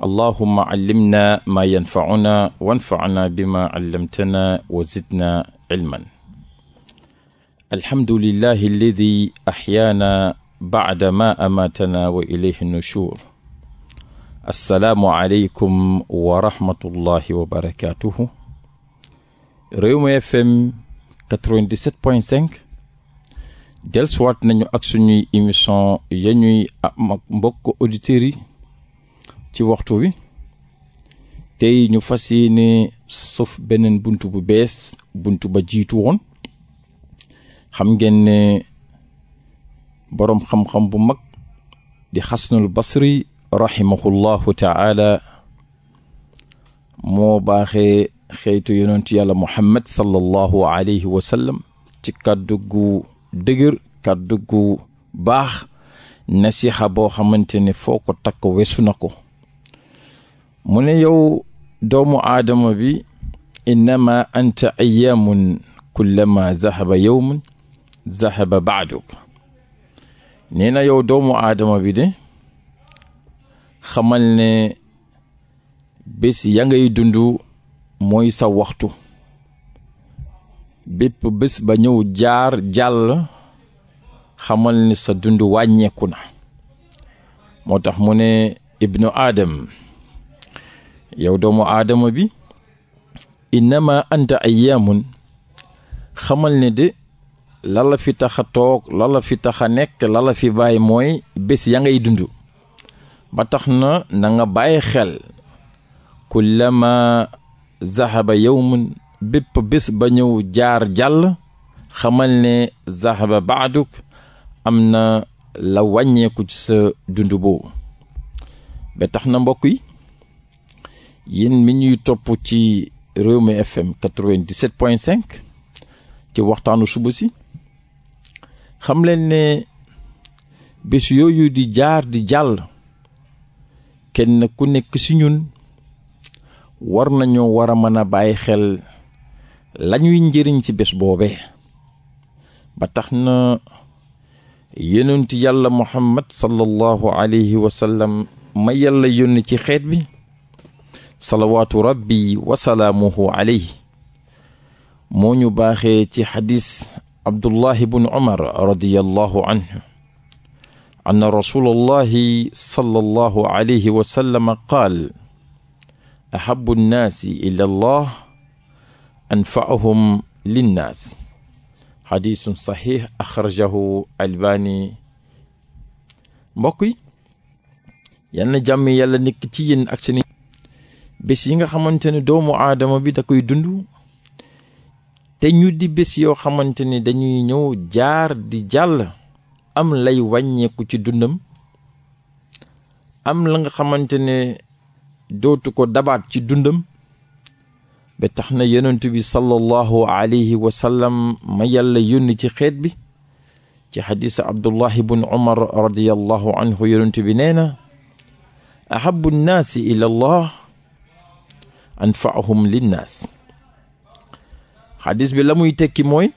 allahuma callimna maa yanfacuna wanfacna bima callamtana wa zidna cilman alhamdulillahi alladi axyaana bacda ma amaatana wa ilayhi nushur assalaamu aleykum wa rahmatullahi wa FM 97.5 dellusiwaat nañu ak suñuy émission ya ñuy yi ci waxtu wi tey ñu fas yéene sof beneen bunt bu bees bunt ba jiitu woon xam ngeen ne boroom xam-xam bu mag di xasnul basri rahimahullahu ta'ala moo baaxe xeetu yonent yàlla muhammad sallallahu alayhi wa sallam ci kàddu gu dëgër kàddu gu baax nasiha boo xamante ne foo ko takk wesu na ko mu ne yow doomu aadama bi innama anta ayaamun kullama zahaba yowmun zahaba baaduk nee na yow doomu aadama bi de xamal ne bés ya ngay dund mooy sa waxtu bépp bés ba ñëw jaar jàll xamal ni sa dundu wàññeeku na moo tax mu ne ibnu aadam yow doomu aadama bi innama anta ayyaamun xamal ne de lala fi tax a toog lala tax a nekk lala fi bàyyi mooy bés ya ngay dund ba tax na na nga bàyyi xel kullama zahaba yawmun bépp bés ba ñëw jaar jàll xamal ne zahaba baaduk am na la wàññeeku ci sa dund boobu ba tax na mbokk yi yéen mi ñuy topp ci Rewmi FM 97.5 ci waxtaanu suba si xam leen ne bés yooyu di jaar di jàll kenn ku nekk ci ñun war nañoo war a mën a bàyyi xel lañuy njëriñ ci bés boobee ba tax na yonent yàlla Muhammad sallallahu alayhi wa sallam ma yàlla yónni ci xeet bi salawaatu rabbi wasalaamuhu alayhi moo ñu baaxee ci xadis abdullahi bnu umar radiallahu anhu anna rasulallahi sallallahu alayhi wa sallam qaal ahabu nnaasi ila llah anfaahum linnaas xadisun saxiix axrajahu albani mbokk yi yal na jàmm yàlla nekk ci yéen ak seen bés yi nga xamante ne doomu aadama bi da koy dund te ñu di bés yoo xamante ne dañuy ñëw jaar di jàll am lay wàññeeku ci dundam am la nga xamante ne dootu ko dabaat ci dundam ba tax na yonent bi sallallahu alayhi wa sallam ma yàlla ci xeet bi ci xadisa abdullahi bun umar radiallahu anhu yonent bi nee na ahabu nnaasi ila allah anfaahum linnaas xadis bi la muy tekki mooy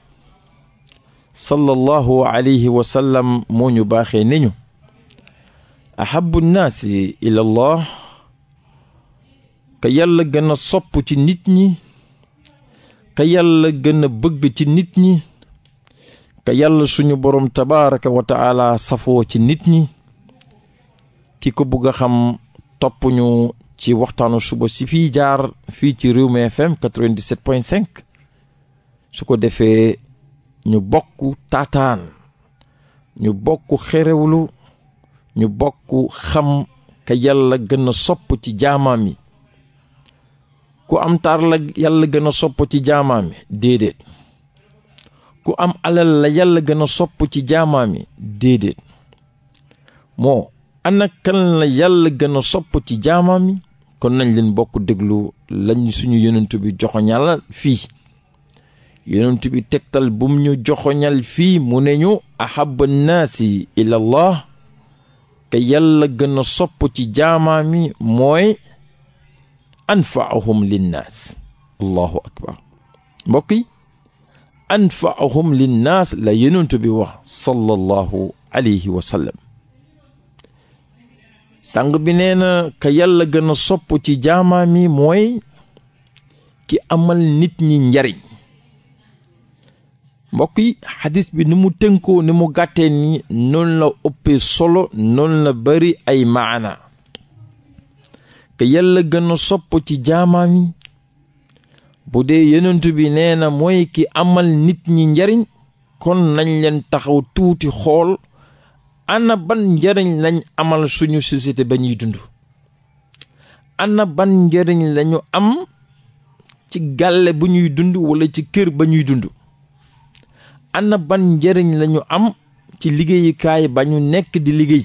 sallallahu alayhi wa moo ñu baaxe ni ñu ahabu nnaasi ila llah ka yàlla gën a ci nit ñi ka yàlla gën bëgg ci nit ñi ka yàlla suñu boroom tabaraka wa taala safoo ci nit ñi ki ko bugg xam topp ci waxtaanu suba si fii jaar fii ci réew Rewmi FM 97.5 su ko defee ñu bokk taataan ñu bokk xerewlu ñu bokk xam ka yàlla gën a sopp ci jaamaam yi ku am taar la yàlla gën a sopp ci jaamaam yi déedéet ku am alal la yàlla gën a sopp ci jaamaam yi déedéet moo ana kan la yàlla gën a sopp ci jaamaam yi kon nañ leen bokk déglu lañ suñu yonent bi joxoñal fi yonent tegtal bum ñu joxoñal fii mu ne ñu ahaba naasi ila allah te yàlla gën a sopp ci jaamaami mooy anfaahum linnaas allahu akbar mbokk yi anfaahum linnaas la yonent bi wax sallallahu alayhi wa sallam sang bi nee na ka yàlla gën a sopp ci jaamaam yi mooy ki amal nit ñi njariñ mbokki yi xadis bi ni mu tënkoo ni mu gàttee ni noonu la ëppee solo noonu la bari ay maana ka yàlla gën a sopp ci jaamaam yi bu dee yonent bi nee na mooy ki amal nit ñi njariñ kon nañ leen taxaw tuuti xool ana ban njëriñ lañ amal suñu société ba ñuy dund ana ban njëriñ lañu am ci gàlle bu ñuy dund wala ci kër ba ñuy dund ana ban njëriñ lañu am ci liggéeyukaay ba ñu nekk di liggéey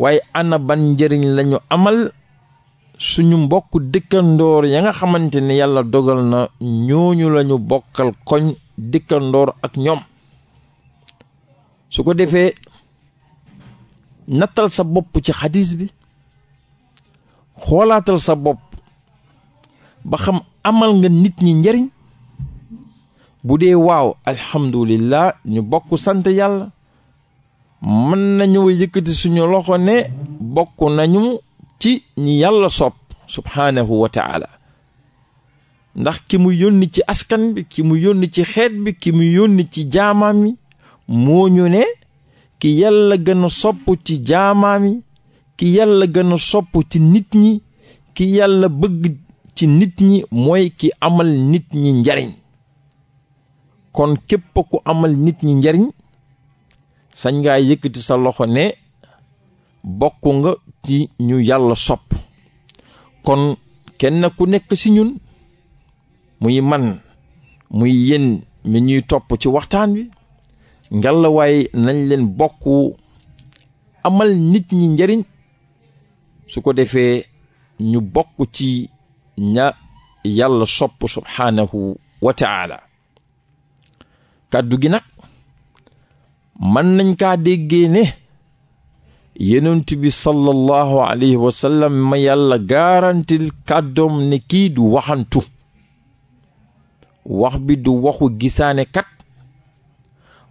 waaye ana ban njëriñ lañu amal suñu mbokk dëkkandoor ya nga xamante ni yàlla dogal na ñooñu lañu bokkal koñ dëkkandoor ak ñoom su ko defee nattal sa bopp ci xadiis bi xoolaatal sa bopp ba xam amal nga nit ñi njariñ bu dee waaw alhamdulillah ñu bokk sant yàlla mën nañu yëkkati suñu loxo ne bokk nañu ci ñi yàlla sopp subhaanahu wa taala ndax ki mu yónni ci askan bi ki mu yónni ci xeet bi ki mu yónni ci jaamaam mi moo ñu ne ki yàlla gën a sopp ci jaamaam yi ki yàlla gën a sopp ci nit ñi ki yàlla bëgg ci nit ñi mooy ki amal nit ñi njariñ kon képp ku amal nit ñi njariñ sañ ngaa yëkkati sa loxo ne bokk nga ci ñu yàlla sopp kon kenn ku nekk ci ñun muy man muy yéen mi ñuy topp ci waxtaan wi ngalla nañ leen bokk amal nit ñi njariñ su ko defee ñu bokk ci ña yàlla sopp subhaanahu wa taala kàddu gi nag mën nañ kaa déggee ne yonent bi sallallahu alayhi wa ma yàlla garantil kàddoom ne kii du waxantu wax du waxu gisaane kat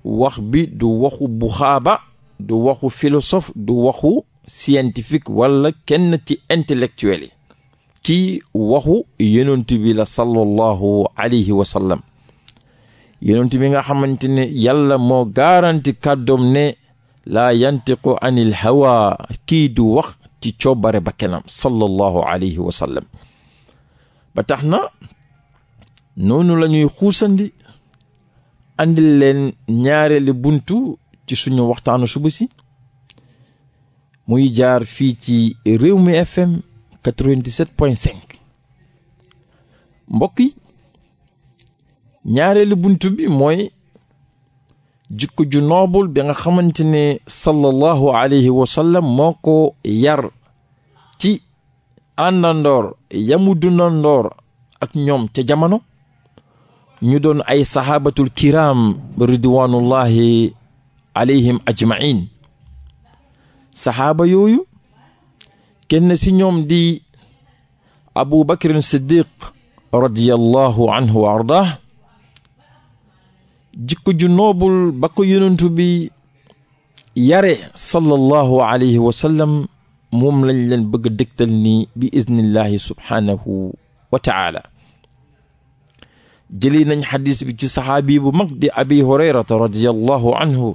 wax bi du waxu buxaaba du waxu philosophe du waxu scientifique walla kenn ci intellectuel yi kii waxu yonent bi la sallallahu alayhi wa sallam bi nga xamante ne yàlla moo garanti kàddoom ne laa yantiqu anil hawa kii du wax ci coobare ba kenam sallallahu alayhi wa ba tax na noonu la xuusandi andil leen ñaareeli buntu ci suñu waxtaanu suba si muy jaar fii ci réew mi fm 97.5 mbokk yi ñaareelu buntu bi mooy jikko ju noobul bi nga xamante ne sallallahu alayhi wa moo ko yar ci àndandoor yamu ak ñoom ca jamono ñu doon ay saxaabatu kiram ridwanullahi alayhim ajmain saxaaba yooyu kenn ci ñoom di abu bakrin siddiq radiyallahu anhu wa ardah jikko ju noobul ba bi yare sallallahu alayhi wa sallam moom lañ leen bëgg dëgtal ni bi iznillahi subhaanahu wa taala jëli nañ xadis bi ci saxaabi bu mag di abi hurayrata radiallahu anhu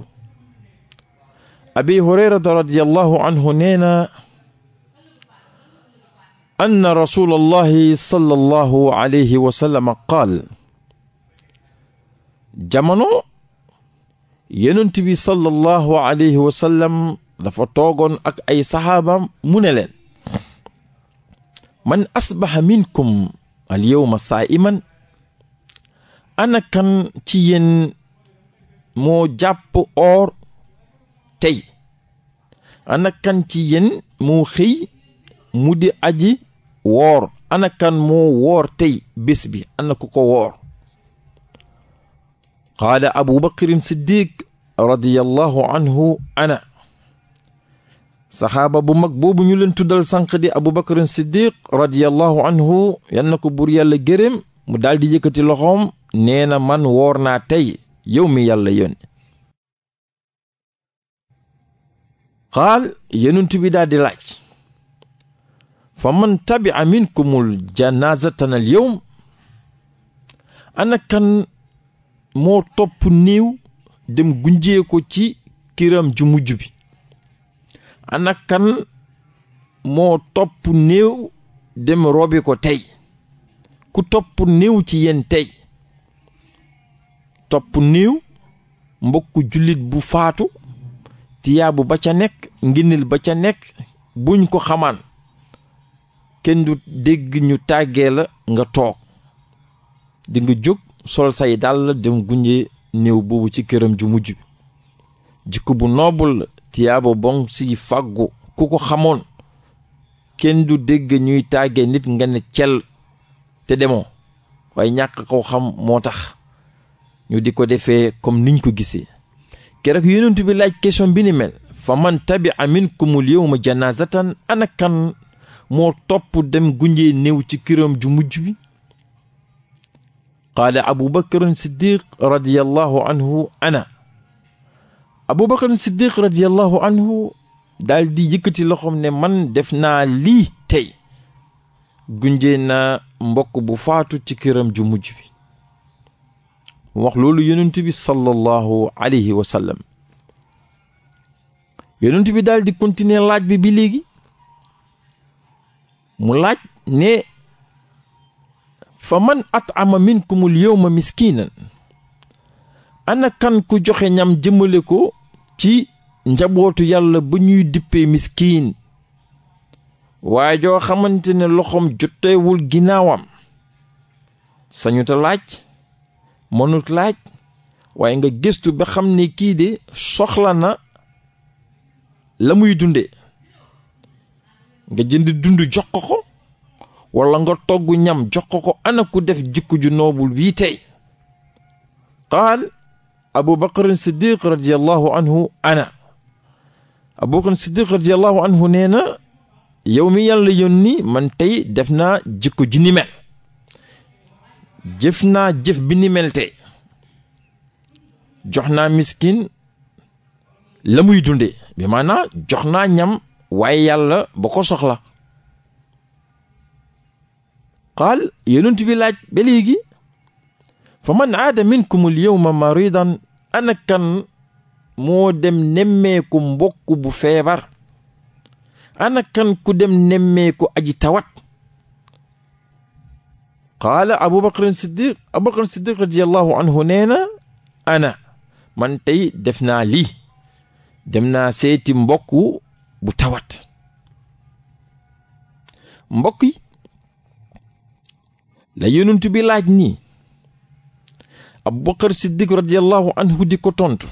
abi hurayrata radiallahu anhu nee na anna rasul allahi sallallahu alayhi wa sallam qaal jamono yonent bi sallallahu alayhi wa sallam dafa toogoon ak ay saxaabam mu ne man asbaha minkum al yowma ana kan ci yéen moo jàpp or tey ana kan ci yéen moo xëy mu di aji woor ana kan moo woor tey bés ana ku ko woor qaala abu bakrin siddiq ana saxaaba bu mag boobu ñu leen tuddal sànq di abu bakrin siddiq radiyallahu anhu yal na ko buur yàlla gërëm mu daldi di yëkkati loxoom na man woor naa tey yow mi yàlla yónni xaal yenuntu bi daal di laaj fa man tabia minkumul janazatan al yawm ana kan moo topp néew dem gunjee ci kiram ju mujj bi ana kan moo topp néew dem robi ko tey ku topp néew ci yéen tey topp néew mbokku jullit bu faatu tiyaabu ba ca nekk nginil ba ca nekk buñ ko xamaan kenn du dégg ñu tàgge la nga toog di jóg sol say dàll dem gunje néew boobu ci këram ju mujj jikko bu noobul la tiyaaba bon si fàggu ku ko xamoon kenn du dégg ñuy tàgge nit nga ne cel te demoo waaye ñàkk koo xam moo tax ñu di ko defe comme niñ ko gisee keroog yonent bi laaj question bi ni mel fa man tabia minkumul yawma janazatan anakan moo topp dem gunjee néew ci këram ju mujj bi qaala abubakarin siddiq radiallahu anhu ana abubakarin siddiq radiallahu anhu daal di yëkkati loxoom ne man def naa lii tey gunjee naa mbokk bu faatu ci këram ju mujj bi wax loolu yonent bi sallallahu alayhi wa sallam bi daal di laaj bi bi léegi mu laaj ne fa man at'ama minkumul yawma miskinan ana kan ku joxe ñam jëmale ko ci njabootu yàlla ba ñuy dippee miskiin waaye joo xamante ne loxoom joteewul ginnaawam sañu laaj mënut laaj waaye nga gëstu ba xam ni kii de soxla na la muy dunde nga jënd dund jox ko wala nga togg ñam jox ko ana ku def jikko ju noobul bii tey qaal abu bakarin siddiq radiallahu anhu ana abu bakarin siddiq radiallahu nee na yow mi yàlla yónni man tey def naa jikko ju ni jëf naa jëf bi tey jox naa miskin lamuy muy dunde bi maanaa jox naa ñam waaye yàlla ba ko soxla qaal yonent bi laaj ba léegi fa man aada minkum al yawma maridan ana kan moo dem nemmeeku mbokk bu feebar ana kan ku dem nemmeeku aji tawat qaala abubakrin siddiq abubakrin siddiq radiallahu anhu nee na ana man tey def naa lii dem naa seeti mbokk bu tawat mbokk yi la yonent bi laaj nii abubakar siddiq radiallahu anhu di ko tontu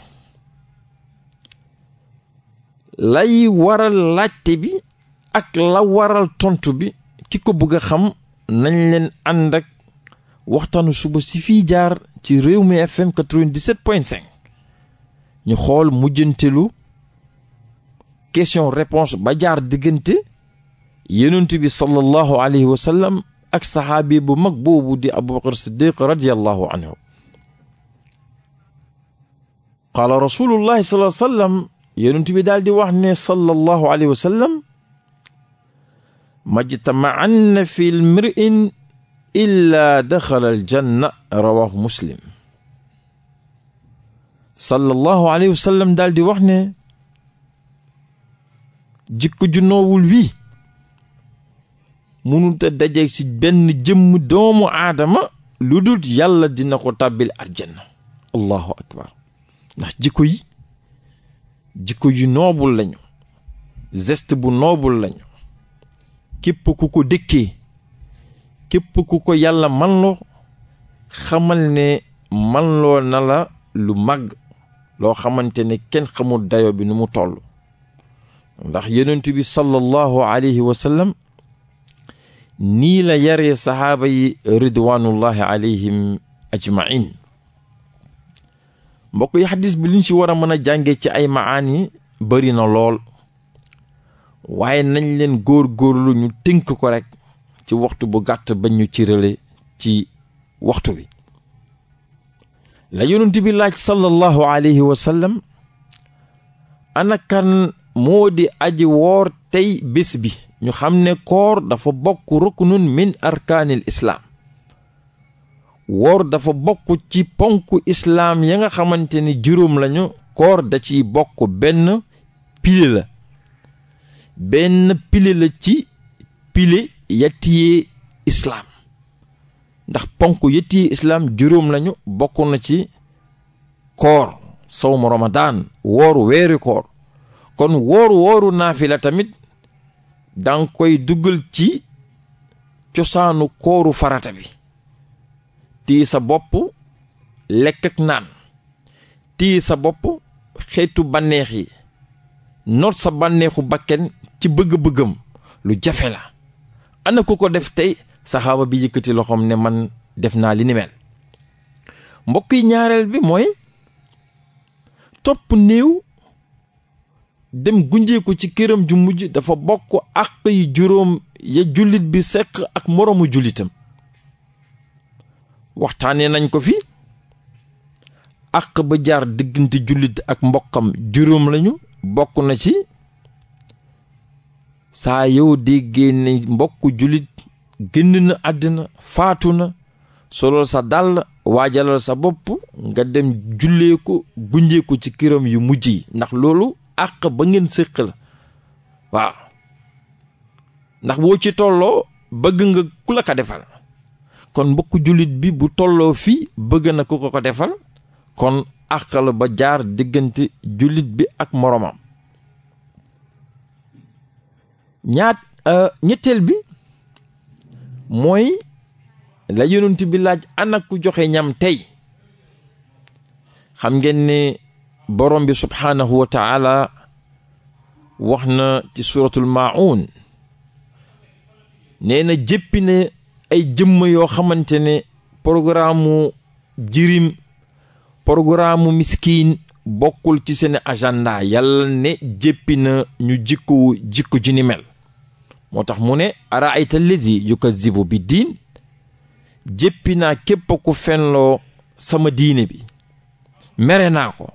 lay waral laajte bi ak la waral tontu bi ki ko bëgg a xam nañ leen ànd waxtaanu suba si fii jaar ci réew mi FM 97.5 ñu xool mujjantelu question réponse ba jaar diggante yonent bi sallallahu alayhi wa ak saxaabi bu mag boobu di Abubakar Siddiq radiyallahu anhu qaala rasulullahi sallallahu alayhi wa yonent bi daal wax ne sallallahu alayhi wa sallam majtama'anna fi mri'in illa daxala aljanna rawahu muslim sallallahu alayhi wa sallam wax ne jikko ju noowul wii mënut a ci benn jëmm doomu aadama lu dul yàlla dina ko tàbbil aljanna allahu akbar ndax jikko jikko ju noobul lañu geste bu noobul lañu képp ko dëkkee képp ku ko yàlla man loo xamal ne man loo na la lu màgg loo xamante ne kenn xamul dayo bi nu mu toll ndax yonent bi sallallahu alayhi nii la yaree saxaaba yi ridwanullahi alayhim ajmain mbokk yi bi liñ ci war a mën a jànge ci ay maani bari na lool waaye nañ leen góor-góorlu ñu tënk ko rek ci waxtu bu gàtt bañ ñu ci cirale ci waxtu bi la yonent bi laaj sallallahu alayhi wa sallam ana kan moo di aji woor tey bés bi ñu xam ne koor dafa bokk ruknun min arkaanil islaam woor dafa bokk ci ponk islaam ya nga xamante ni juróom lañu koor da ci bokk benn pile la benn pile la ci pili yattiyee islaam ndax ponk yattiyee islaam juróom lañu bokk na ci koor sawmu ramadaan wooru weeri koor kon wooru wooru naafila tamit danga koy duggal ci cosaanu kooru farata bi tii sa bopp lekk ak naan tii sa bopp xeetu bànneex yi noot sa banneexu bakken ci bëgg-bëggam lu jafe la ana ku ko def tey saxaaba bi yëkkati loxoom ne man def naa li ni mel mbokk yi ñaareel bi mooy topp néew dem gunjeeku ci këram ju mujj dafa bokk àq yi juróom ya jullit bi seq ak moroomu jullitam waxtaanee nañ ko fi àq ba jaar diggante jullit ak mbokkam juróom lañu bokk na ci saa yow déggee ne mbokk jullit génn na àddina faatu na solol sa dàll waajalal sa bopp nga dem jullee ko ci këram yu mujj yi ndax loolu àq ba ngeen séq la waaw ndax boo ci tolloo bëgg nga ku la ka defal kon mbokku jullit bi bu tolloo fii bëgg na ku ko ko defal kon àq ba jaar diggante jullit bi ak moroomam ñaat euh, ñetteel bi mooy la yonent bi laaj joxe ñam tey xam ngeen ne borom bi subhaanahu wa taala wax na ci suratul maun nee na jëppi ay jëmm yoo xamante ne programme mu jirim programme miskiin bokkul ci seen agenda yalla ne jéppi na ñu jikkowu jikko ji ni mel moo tax mu ne ara ayta lezi yukazibu bi diin jéppi naa képp ku fenloo sama diine bi mere naa ko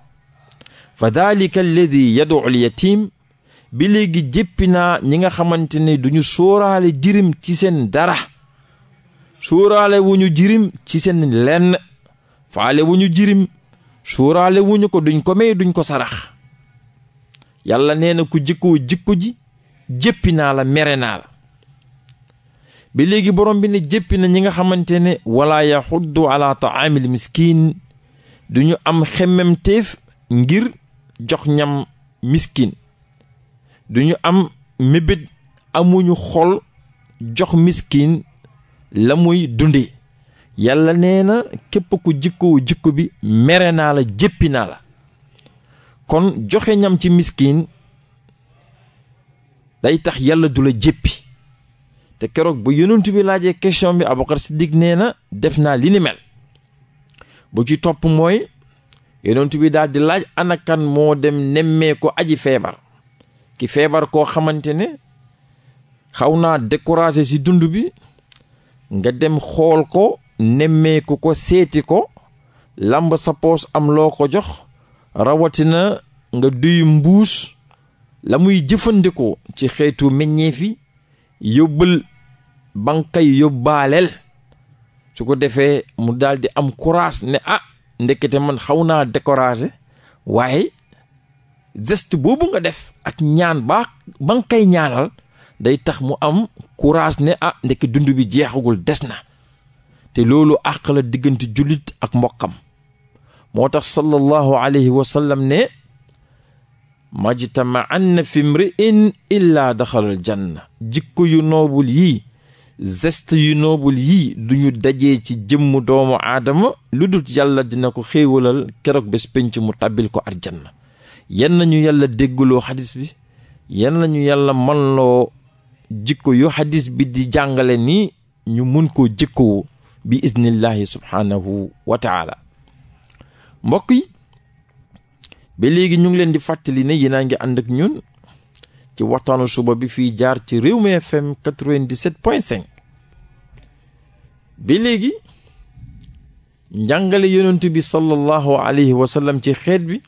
fa dalika alledi yadu al yatim bi léegi jéppi naa ñi nga xamante ne duñu sóoraale jirim ci seen dara suuraale wu ñu jirim ci seen lenn faale wu ñu jirim suuraale wu ñu ko duñ ko may duñ ko sarax yàlla nee na ku jikkoo jikko ji jéppi naa la mere naa la léegi borom bi ne jéppi na ñi nga xamante ne wala yaxuddu ala taamil miskin du ñu am xemmemteef ngir jox ñam miskin du ñu am mébét amuñu xol jox miskin la muy dundee yàlla nee na képp ku jikkoo jikko bi mere naa la jéppi naa la kon joxe ñam ci miskin day tax yàlla du la jéppi te keroog ba yonent bi laajee question bi Abubakar Siddiq nee na def naa li ni bu ci topp mooy yonent bi daal di laaj anakan moo dem nemmee ko aji feebar ki feebar koo xamante ne xaw naa découragé ci dund bi nga dem xool ko nemmeeku ko seeti ko lamb sa poos am loo ko jox rawatina nga duy mbuus la muy jëfandikoo ci xeetu meññeef yi yóbbal bankay yóbbaaleel su ko defee mu daldi am courage ne ah ndekete man xaw naa découragé waaye geste boobu nga def ak ñaan baa ba koy ñaanal day tax mu am courage ne a ah, ndekki dund bi jeexagul des na te loolu àq la diggante jullit ak mbokkam moo tax sallallahu alayhi wa sallam ne majtama'anna fi mri'in illaa daxalal janna jikko yu noobul yii geste yu noobul yii duñu dajee ci jëmm doomu aadama lu dul yàlla dina ko xéewalal keroog bés penc mu tàbbil ko arjanna yan nañu yàlla déggloo xadis bi yan nañu yàlla man jikko yu hadis bi di jàngale ni ñu mun ko jikko bi iznillahi subhaanahu wa taala mbokk yi ba léegi ñu ngi leen di fàttali ne yéen a ngi ànd ñun ci waxtaanu suba bi fii jaar ci Rewmi FM 97.5 ba léegi njàngale yonent bi sallallahu alayhi wa ci xeet bi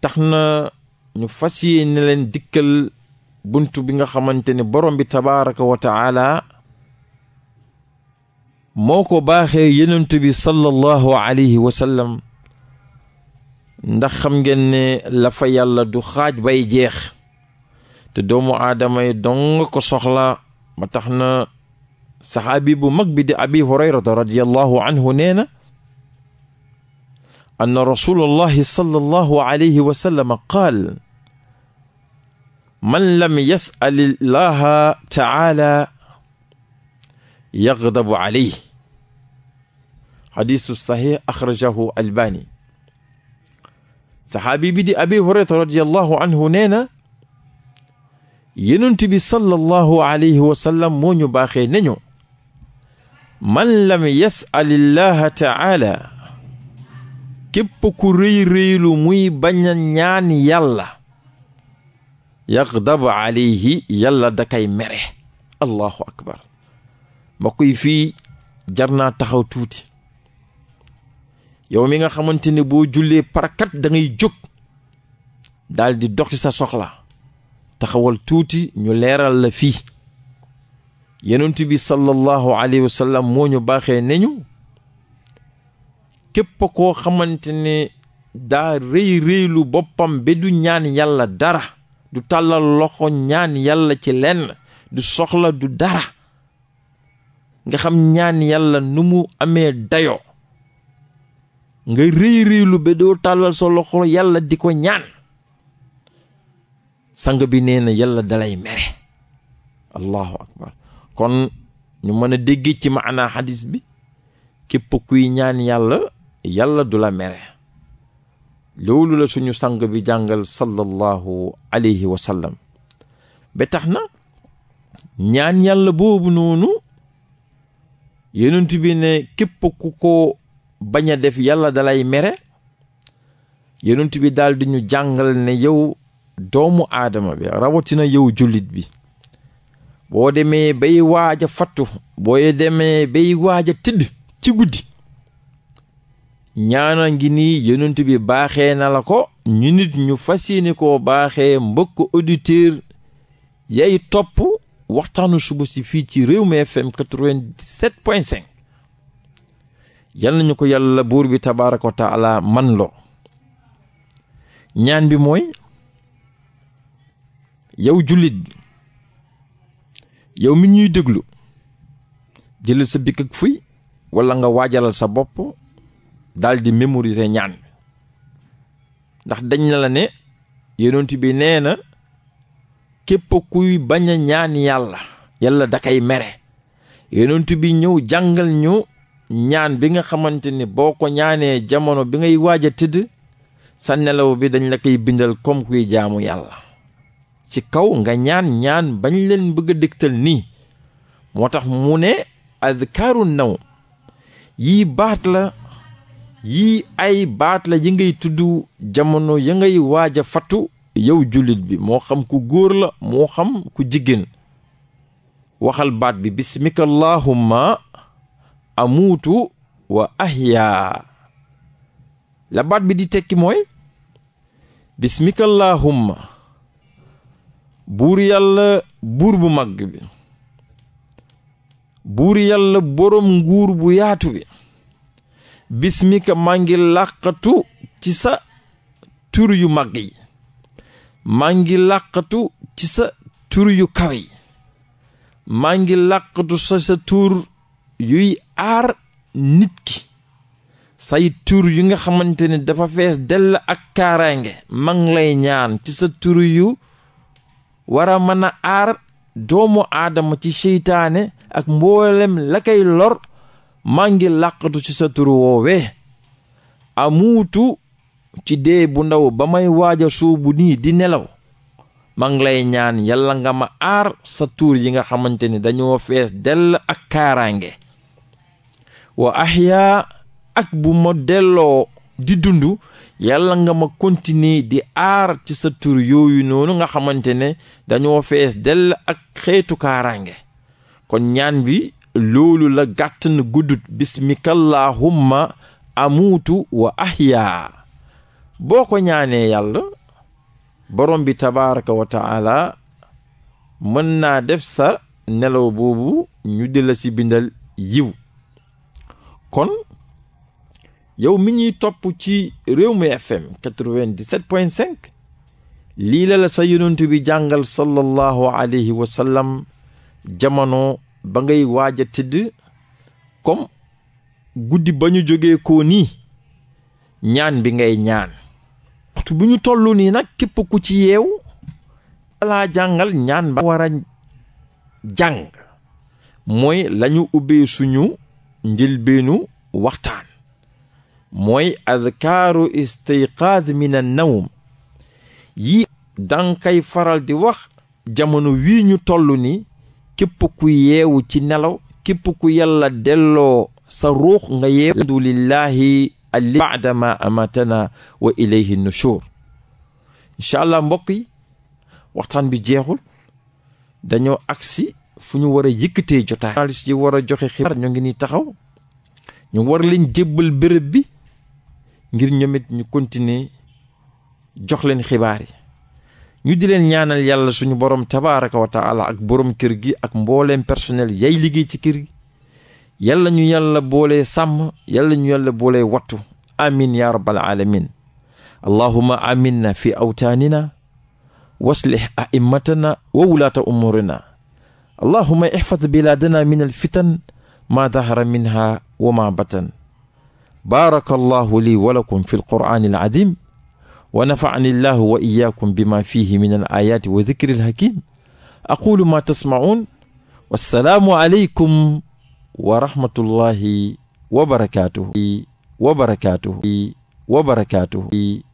tax na ñu fas yéene leen dikkal bunt bi nga xamante ne borom bi tabaraka wa taala moo ko baaxee yenentu bi sallallahu alayhi wa ndax xam ngeen ne lafa fa yàlla du xaaj bay jeex te doomu aadama yi dong ko soxla ma tax na saxaabi bu mag bi di abi hurayrata radiallahu anhu nee na anna rasulallahi sallallahu alayhi wa sallam qaal man lam yasalillaha taala yagdabu aley hadisu sahih axrajahu albani sahaabi bi di abi hurayrata radiallahu anhu nee na yenent bi sallallahu alayhi wa sallam moo ñu baaxee nañu man lam yasalillaha taala képp ku rëy rëylu muy bañ a ñaan yàlla yaxdabu alayhi yàlla da kay mere allahu akbar mbokk yi fii jar naa taxaw tuuti yow mi nga xamante ne boo jullee parakat da ngay jóg daal di sa soxla taxawal tuuti ñu leeral la fii yonent bi sallallahu alayhi wa moo ñu baaxee nañu képp koo xamante ne daa rëy boppam ba du ñaan yàlla dara du tàllal loxo ñaan yàlla ci lenn du soxla du dara nga xam ñaan yàlla nu mu amee dayoo nga réy réylu doo tàllal sa loxo yàlla di ko ñaan sang bi nee na yàlla dalay mere allahu akbar kon ñu mën a dégg ci maanaa xadis bi képp kuy ñaan yàlla yàlla du la mere loolu la suñu sang bi jàngal sallallahu alayhi wa sallam ba tax na ñaan yàlla boobu noonu yonent bi ne képp ku ko bañ a def yàlla dalay mere yonent bi daal ñu jàngal ne yow doomu aadama bi rawatina yow jullit bi boo demee bay waaj a fattu boo demee bay waaj a tëdd guddi ñaana ngi nii yonent bi baaxee na la ko ñu nit ñu fas yéene koo baaxee mbokk auditeur yay topp waxtaanu suba si fii ci Rewmi FM 97.5 yal nañu ko yàlla buur bi tabaaraka wa taala man loo ñaan bi mooy yow jullit bi yow mi ñuy déglu jëlal sa bikk ak fuy wala nga waajalal sa bopp daal di ñaan ndax dañ na la ne yonent bi nee na képp kuy bañ a ñaan yàlla yàlla da mere yonent bi ñëw jàngal ñu ñaan bi nga xamante ni boo ko ñaanee jamono bi ngay waaj a tëdd sa nelaw bi dañ la koy bindal kom kuy jaamu yàlla ci kaw nga ñaan ñaan bañ leen bëgg a nii moo tax mu ne adkaaru naw yii baat la yii ay baat la yi ngay tudd jamono ya waaj a fattu yow julit bi moo xam ku góor la moo xam ku jigéen waxal baat bi bismika allahumma amuutu wa ahyaa la baat bi di tekki mooy bismika allahumma buur yàlla bu màgg bi buur yàlla boroom nguur bu yaatu bi bismika maa ngi làqatu ci sa tur yu màgg yi maa ngi làqtu ci sa tur yu kawe yi maa ngi làqatu sa sa tur yuy aar nit ki say tur yu nga xamante ne dafa fees dell ak kaaraange ma lay ñaan ci sa tur yu war a mën a aar doomu aadama ci seytaane ak mboolem lakay lor maa ngi làqatu ci sa turu woowee amuutu ci dee bu ndaw ba may waaja suubu nii di nelaw maa ngi lay ñaan yalla nga ma aar sa tuur yi nga xamante ni dañoo fees dell ak kaaraange wa ahyaa ak bu ma delloo di dund yàlla nga ma kontine di aar ci sa tur yooyu noonu nga xamante ne dañoo fees dell ak xeetu kaaraange kon ñaan bi loolu la gàtt na guddut bismikallahumma amuutu wa ahyaa boo ko ñaanee yàlla borom bi wa taala mën naa def sa nelaw boobu ñu di la ci bindal yiw kon yow mi ñuy topp ci réew FM 97.5 lii la la sa yonent bi jàngal sallallahu jamono ba ngay waaj a tëdd comme guddi ba ñu jógee koo nii ñaan bi ngay ñaan waxtu bu ñu toll nii nag képp ku ci yeew laa jàngal ñaan ba war jàng mooy lañu ubbee suñu njëlbeenu waxtaan mooy adkaaru istayqaaz min an nawm yi danga faral di wax jamono wii ñu toll ni képp ku yeewu ci nelaw képp ku yalla delloo sa ruux nga yeewu alhamdulillahi alli baadama amatana wa ilayhi nushur incha allah mbokk yi waxtaan bi jeexul dañoo agsi fu ñu war a yëkkatee jotaay yi war a joxe xibaar ñoo ngi ni taxaw ñu war leen jëbbal béréb bi ngir ñoom ñu continuer jox leen xibaar yi ñu di leen ñaanal yàlla suñu borom tabaaraka wa taala ak borom kër gi ak mbooleem personnel yay liggéey ci kër gi yàlla ñu yàlla boole sàmm yàlla ñu yàlla boole wattu amin ya rabbal alamin allahuma aminna fi awtaanina waslih a'immatana wa wulaata umurina allahuma ihfaz bilaadana min alfitan ma dahara minha wa ma batan baaraka allahu wa lakum fi alqur'ani alazim wa nafaani llahu wa iyaakum bima fihi min al ayaati wa zikri al hakim aqulu ma tasmaun wassalaamu aleykum wa rahmatullahi wa barakaatuhu wa barakaatuhu wa barakaatuhu